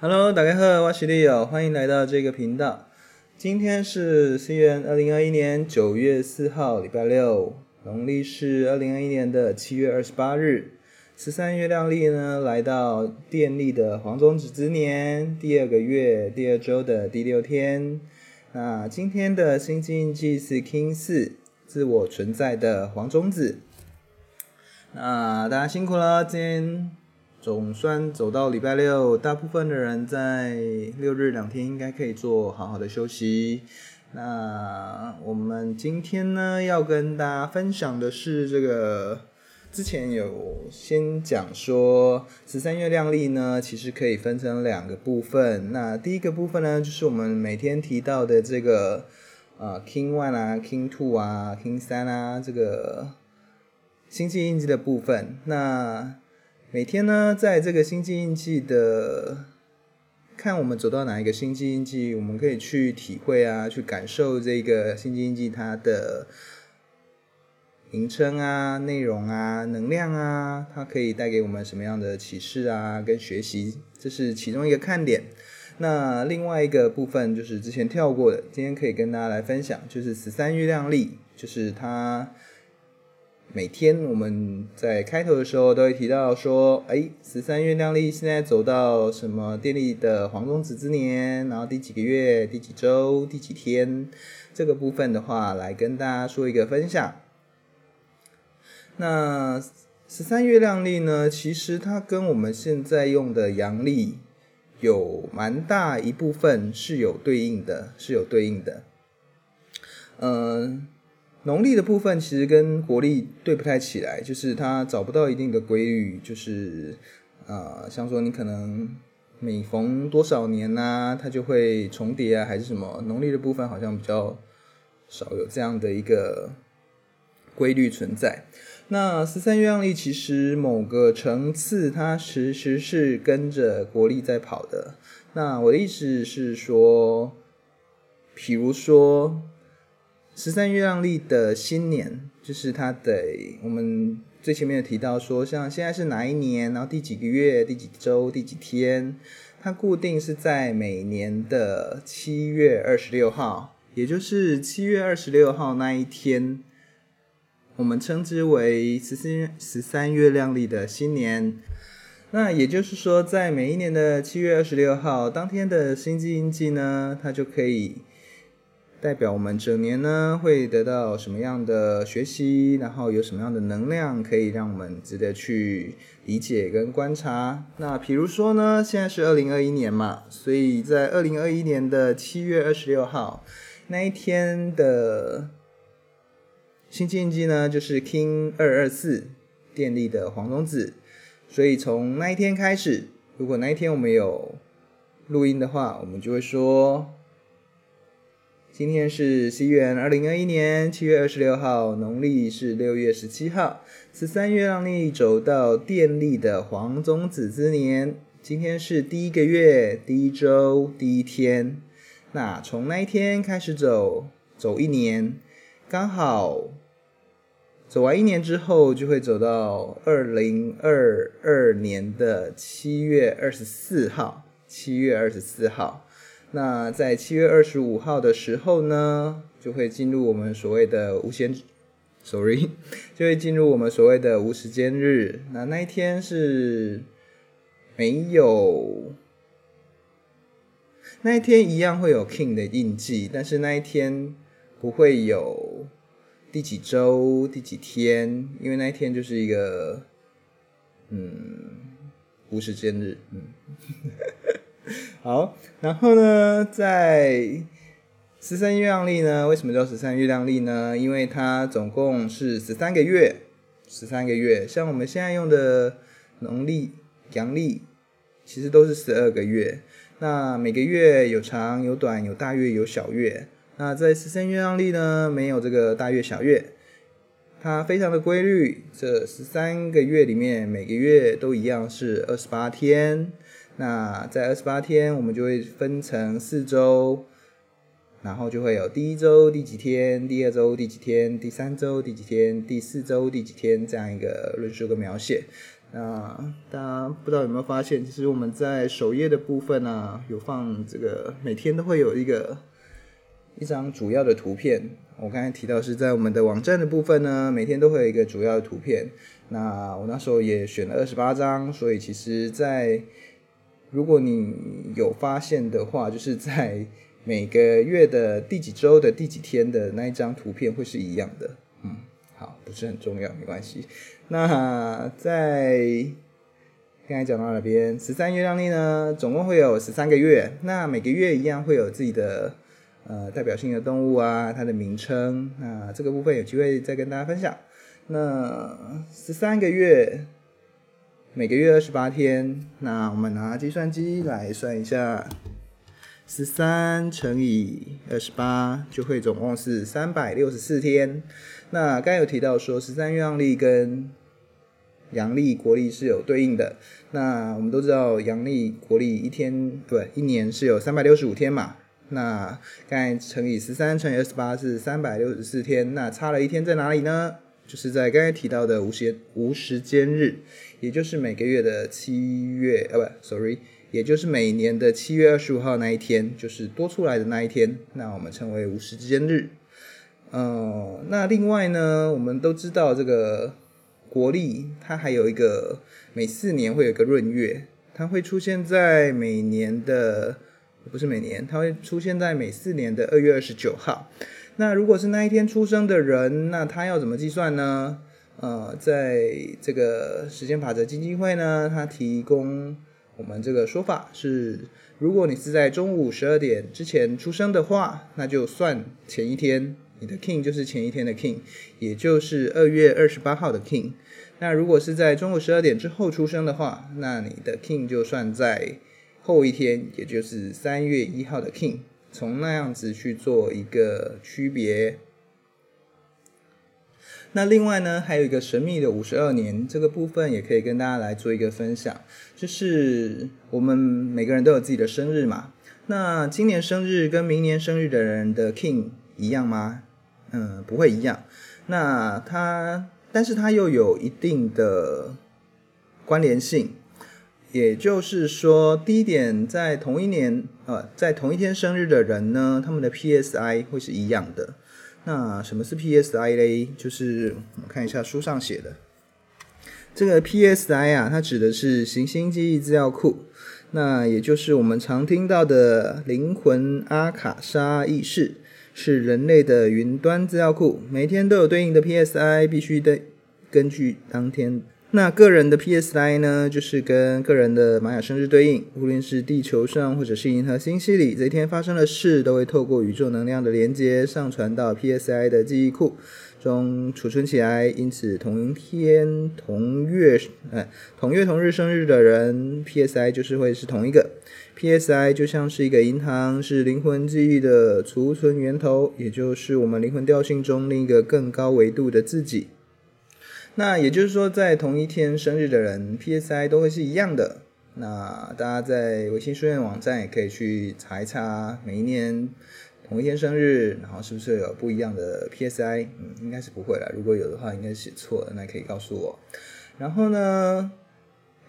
Hello，大家好，我是 Leo，歡迎來到這個頻道。今天是西元二零二一年九月四號，禮拜六，農曆是二零二一年的七月二十八日，十三月亮曆呢，來到電力的黃種子之年，第二個月，第二周的第六天。那今天的新禁祭是 KIN 四，自我存在的黃種子。那大家辛苦了，今天。總算走到禮拜六，大部分的人在六日兩天應該可以做好好的休息。那我們今天呢要跟大家分享的是這個，之前有先講說，十三月亮曆呢其實可以分成兩個部分。那第一個部分呢就是我們每天提到的這個、呃、KIN 啊，KIN One 啊，KIN Two 啊，KIN 三啊，這個星際印記的部分。那每天呢，在這個星際印記的看，我們走到哪一個星際印記，我們可以去體會啊，去感受這個星際印記它的名稱啊、內容啊、能量啊，它可以帶給我們什麼樣的啟示啊，跟學習，這是其中一個看點。那另外一個部分就是之前跳過的，今天可以跟大家來分享，就是十三月亮曆，就是它。每天我們在開頭的時候都會提到說，誒、欸，十三月亮曆現在走到什麼電力的黃種子之年，然後第幾個月、第幾周、第幾天，這個部分的話來跟大家說一個分享。那十三月亮曆呢，其實它跟我們現在用的陽曆有蠻大一部分是有對應的，是有對應的，嗯。農曆的部分其實跟國曆對不太起來，就是它找不到一定的規律，就是，啊、呃，像說你可能每逢多少年吶、啊，它就會重疊啊，還是什麼？農曆的部分好像比較少有這樣的一個規律存在。那十三月亮曆其實某個層次它其實是跟着國曆在跑的。那我的意思是說，比如說。十三月亮曆的新年，就是它的。我們最前面有提到說，像現在是哪一年，然後第幾個月、第幾周、第幾天，它固定是在每年的七月二十六號，也就是七月二十六號那一天，我們稱之為十三十三月亮曆的新年。那也就是說，在每一年的七月二十六號當天的星際印記呢，它就可以。代表我們整年呢會得到什麼樣的學習，然後有什麼樣的能量可以讓我們值得去理解跟觀察。那比如說呢，現在是二零二一年嘛，所以在二零二一年的七月二十六號，那一天的星系印記呢，就是 KIN 二二四，電力的黃種子，所以從那一天開始，如果那一天我們有錄音的話，我們就會說。今天是西元二零二一年七月二十六號，農曆是六月十七號。十三月讓你走到電力的黃種子之年。今天是第一個月、第一周、第一天。那從那一天開始走，走一年，剛好走完一年之後，就會走到二零二二年的七月二十四號。七月二十四號。那在七月二十五號的時候呢，就會進入我們所謂的無限 sorry，就會進入我們所謂的無時間日。那那一天是沒有，那一天一樣會有 KIN 的印記，但是那一天不會有第幾周、第幾天，因為那一天就是一個嗯無時間日，嗯。 好，然後呢，在十三月亮曆呢，為什麼叫十三月亮曆呢？因為它總共是十三個月，十三個月。像我們現在用的農曆、陽曆，其實都是十二個月。那每個月有長有短，有大月有小月。那在十三月亮曆呢，沒有這個大月小月，它非常的規律。這十三個月裡面，每個月都一樣，是二十八天。那在二十八天，我們就會分成四周，然後就會有第一周第幾天，第二周第幾天，第三周第幾天，第四周第幾天，第四周第幾天這樣一個論述的描寫。那大家不知道有沒有發現，其實我們在首頁的部分呢、啊，有放這個每天都會有一個一張主要的圖片。我剛才提到是在我們的網站的部分呢，每天都會有一個主要的圖片。那我那時候也選了二十八張，所以其實在。如果你有發現的話，就是在每個月的第幾周的第幾天的那一張圖片會是一樣的。嗯，好，不是很重要，沒關係。那在剛才講到那邊，十三月亮曆呢，總共會有十三個月。那每個月一樣會有自己的呃代表性的動物啊，它的名稱啊，這個部分有機會再跟大家分享。那十三個月。每個月二十八天，那我們拿計算機來算一下，十三乘以二十八就會總共是三百六十四天。那剛有提到說十三月亮曆跟陽曆國曆是有對應的，那我們都知道陽曆國曆一天不對，一年是有三百六十五天嘛？那剛才乘以十三乘以二十八是三百六十四天，那差了一天在哪裡呢？就是在剛才提到的無時無時間日，也就是每個月的七月啊不，不，sorry，也就是每年的七月二十五號那一天，就是多出來的那一天，那我們稱為無時間日。呃、嗯，那另外呢，我們都知道這個國曆，它還有一個每四年會有一個閏月，它會出現在每年的，不是每年，它會出現在每四年的二月二十九號。那如果是那一天出生的人，那他要怎麼計算呢？呃，在這個時間法則基金會呢，他提供我們這個說法是：如果你是在中午十二點之前出生的話，那就算前一天你的 Kin 就是前一天的 Kin，也就是二月二十八號的 Kin。那如果是在中午十二點之後出生的話，那你的 Kin 就算在後一天，也就是三月一號的 Kin。從那樣子去做一個區別。那另外呢，還有一個神秘的五十二年這個部分，也可以跟大家來做一個分享。就是我們每個人都有自己的生日嘛。那今年生日跟明年生日的人的 KIN 一樣嗎？嗯，不會一樣。那它，但是它又有一定的關聯性。也就是說，第一點，在同一年，呃，在同一天生日的人呢，他們的 PSI 會是一樣的。那什麼是 PSI 嘞？就是我們看一下書上寫的，這個 PSI 啊，它指的是行星記憶資料庫，那也就是我們常聽到的靈魂阿卡莎意識，是人類的雲端資料庫，每天都有對應的 PSI，必須得根據當天。那個人的 PSI 呢，就是跟個人的瑪雅生日對應。無論是地球上或者是銀河星系裡，這一天發生的事，都會透過宇宙能量的連接上傳到 PSI 的記憶庫中儲存起來。因此同天，同天同月哎，同月同日生日的人，PSI 就是會是同一個。PSI 就像是一個銀行，是靈魂記憶的儲存源頭，也就是我們靈魂調性中另一個更高維度的自己。那也就是說，在同一天生日的人，PSI 都會是一樣的。那大家在微信書院網站也可以去查一查，每一年同一天生日，然後是不是有不一樣的 PSI？嗯，應該是不會啦。如果有的話，應該是寫錯了。那可以告訴我。然後呢，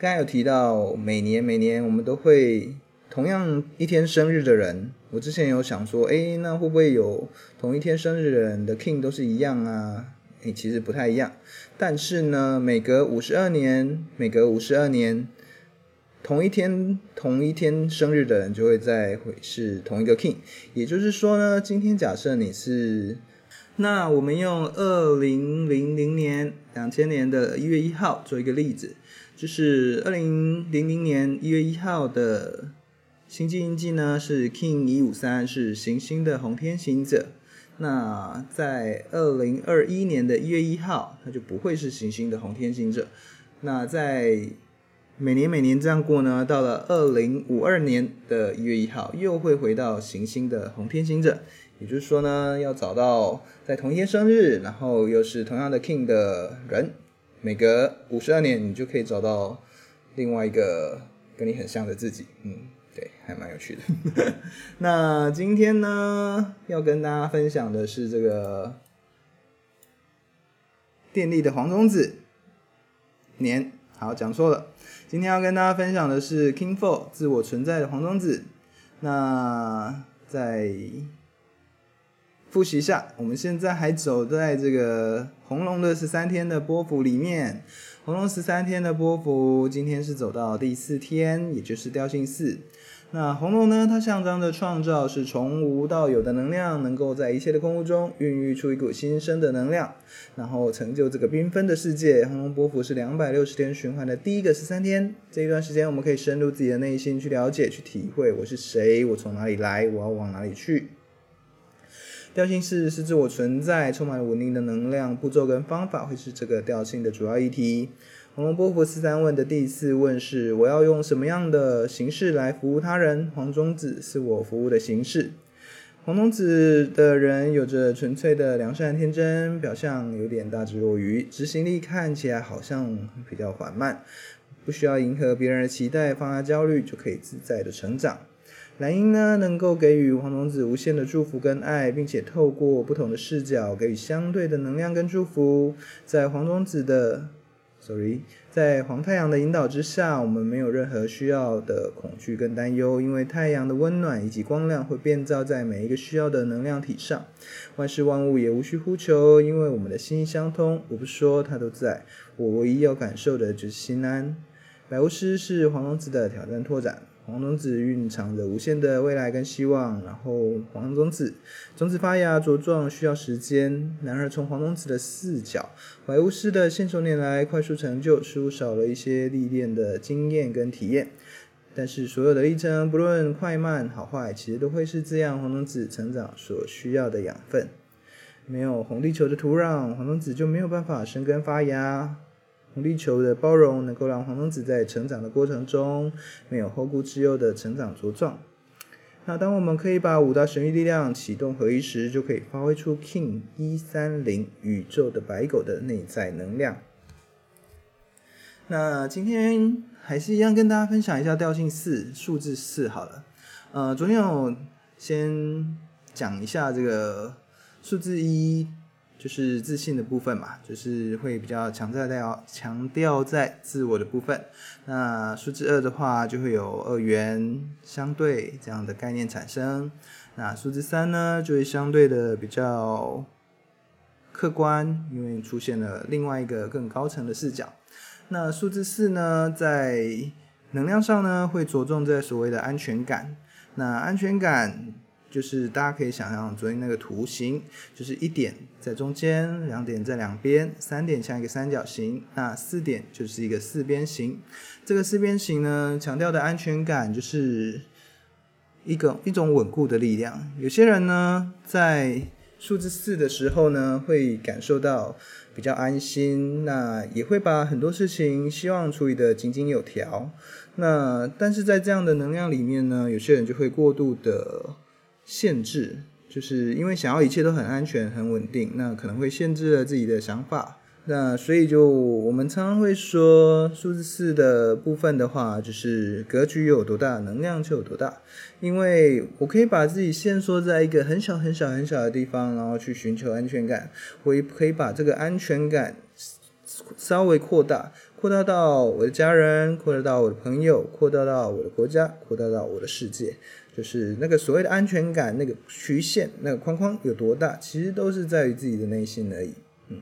剛才有提到每年每年我們都會同樣一天生日的人，我之前有想說，誒、欸，那會不會有同一天生日的人的 King 都是一樣啊？你其實不太一樣，但是呢，每隔五十二年，每隔五十二年，同一天同一天生日的人就會再會是同一個 KIN。也就是說呢，今天假設你是，那我們用二零零零年兩千年的一月一號做一個例子,就是二零零零年一月一號的星際印記呢是 KIN 一五三，是行星的紅天行者。那在二零二一年的一月一號，他就不會是行星的紅天行者。那在每年每年這樣過呢，到了二零五二年的一月一號，又會回到行星的紅天行者。也就是說呢，要找到在同一天生日，然後又是同樣的 KIN 的人，每隔五十二年，你就可以找到另外一個跟你很像的自己。嗯。對，還蠻有趣的。 那今天呢，要跟大家分享的是這個電力的黃種子年，好，講錯了。今天要跟大家分享的是 KIN 4自我存在的黃種子。那再複習一下，我們現在還走在這個紅龍的十三天的波幅裡面，紅龍十三天的波幅，今天是走到第四天，也就是調性四。那紅龍呢？它象徵着創造，是從無到有的能量，能夠在一切的空無中孕育出一股新生的能量，然後成就這個繽紛的世界。紅龍波符是兩百六十天循環的第一個十三天，這一段時間我們可以深入自己的內心去了解、去體會我，我是誰，我從哪裡來，我要往哪裡去。調性四是自我存在，充滿了穩定的能量。步驟跟方法會是這個調性的主要議題。黃龍波佛四三問的第四問是：我要用什麼樣的形式來服務他人？黃種子是我服務的形式。黃種子的人有着純粹的良善、天真，表象有點大智若愚，執行力看起來好像比較緩慢。不需要迎合別人的期待，放下焦慮就可以自在的成長。藍鷹呢，能夠給予黃種子無限的祝福跟愛，並且透過不同的視角給予相對的能量跟祝福，在黃種子的。Sorry，在黃太陽的引導之下，我們沒有任何需要的恐懼跟擔憂，因為太陽的溫暖以及光亮會遍照在每一個需要的能量體上。萬事萬物也無需呼求，因為我們的心意相通。我不說，它都在。我唯一要感受的就是心安。白巫師是黃種子的挑戰拓展。黃種子蘊藏着無限的未來跟希望，然後黃種子，種子發芽茁壯需要時間。然而，從黃種子的視角，懷巫師的信手拈年來快速成就，似乎少了一些歷練的經驗跟體驗。但是，所有的歷程不論快慢好壞，其實都會是滋養黃種子成長所需要的養分。沒有紅地球的土壤，黃種子就沒有辦法生根發芽。紅地球的包容能夠讓黃種子在成長的過程中沒有後顧之憂的成長茁壯。那當我們可以把五大神諭力量啟動合一時，就可以發揮出 KIN 一三零宇宙的白狗的內在能量。那今天還是一樣跟大家分享一下調性四，數字四好了。呃，昨天我先講一下這個數字一。就是自信的部分嘛，就是會比較強調、強調在自我的部分。那數字二的話，就會有二元相對這樣的概念產生。那數字三呢，就會相對的比較客觀，因為出現了另外一個更高層的視角。那數字四呢，在能量上呢，會着重在所謂的安全感。那安全感。就是大家可以想象昨天那個圖形，就是一點在中間，兩點在兩邊，三點像一個三角形，那四點就是一個四邊形。這個四邊形呢，強調的安全感就是一個一種穩固的力量。有些人呢，在數字四的時候呢，會感受到比較安心，那也會把很多事情希望處理得井井有條。那但是在這樣的能量裡面呢，有些人就會過度的。限制，就是因為想要一切都很安全、很穩定，那可能會限制了自己的想法。那所以就我們常常會說，數字四的部分的話，就是格局有多大，能量就有多大。因為我可以把自己限縮在一個很小、很小、很小的地方，然後去尋求安全感。我也可以把這個安全感稍微擴大。擴大到我的家人，擴大到我的朋友，擴大到我的國家，擴大到我的世界，就是那個所謂的安全感，那個曲線，那個框框有多大，其實都是在於自己的內心而已。嗯，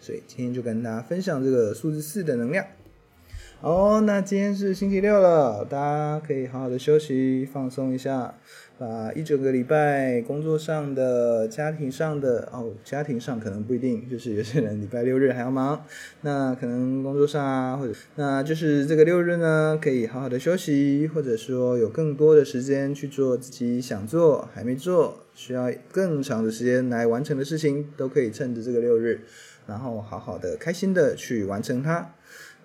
所以今天就跟大家分享這個數字四的能量。哦、oh，那今天是星期六了，大家可以好好的休息放鬆一下，把一整個禮拜工作上的、家庭上的哦，家庭上可能不一定，就是有些人禮拜六日還要忙，那可能工作上啊，或者那就是這個六日呢，可以好好的休息，或者說有更多的時間去做自己想做還沒做、需要更長的時間來完成的事情，都可以趁着這個六日，然後好好的、開心的去完成它。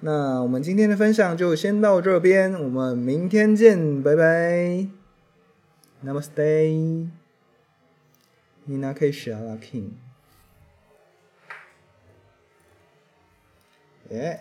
那我們今天的分享就先到這邊，我們明天見，拜拜，Namaste，你哪可以學啊？King，哎。 yeah.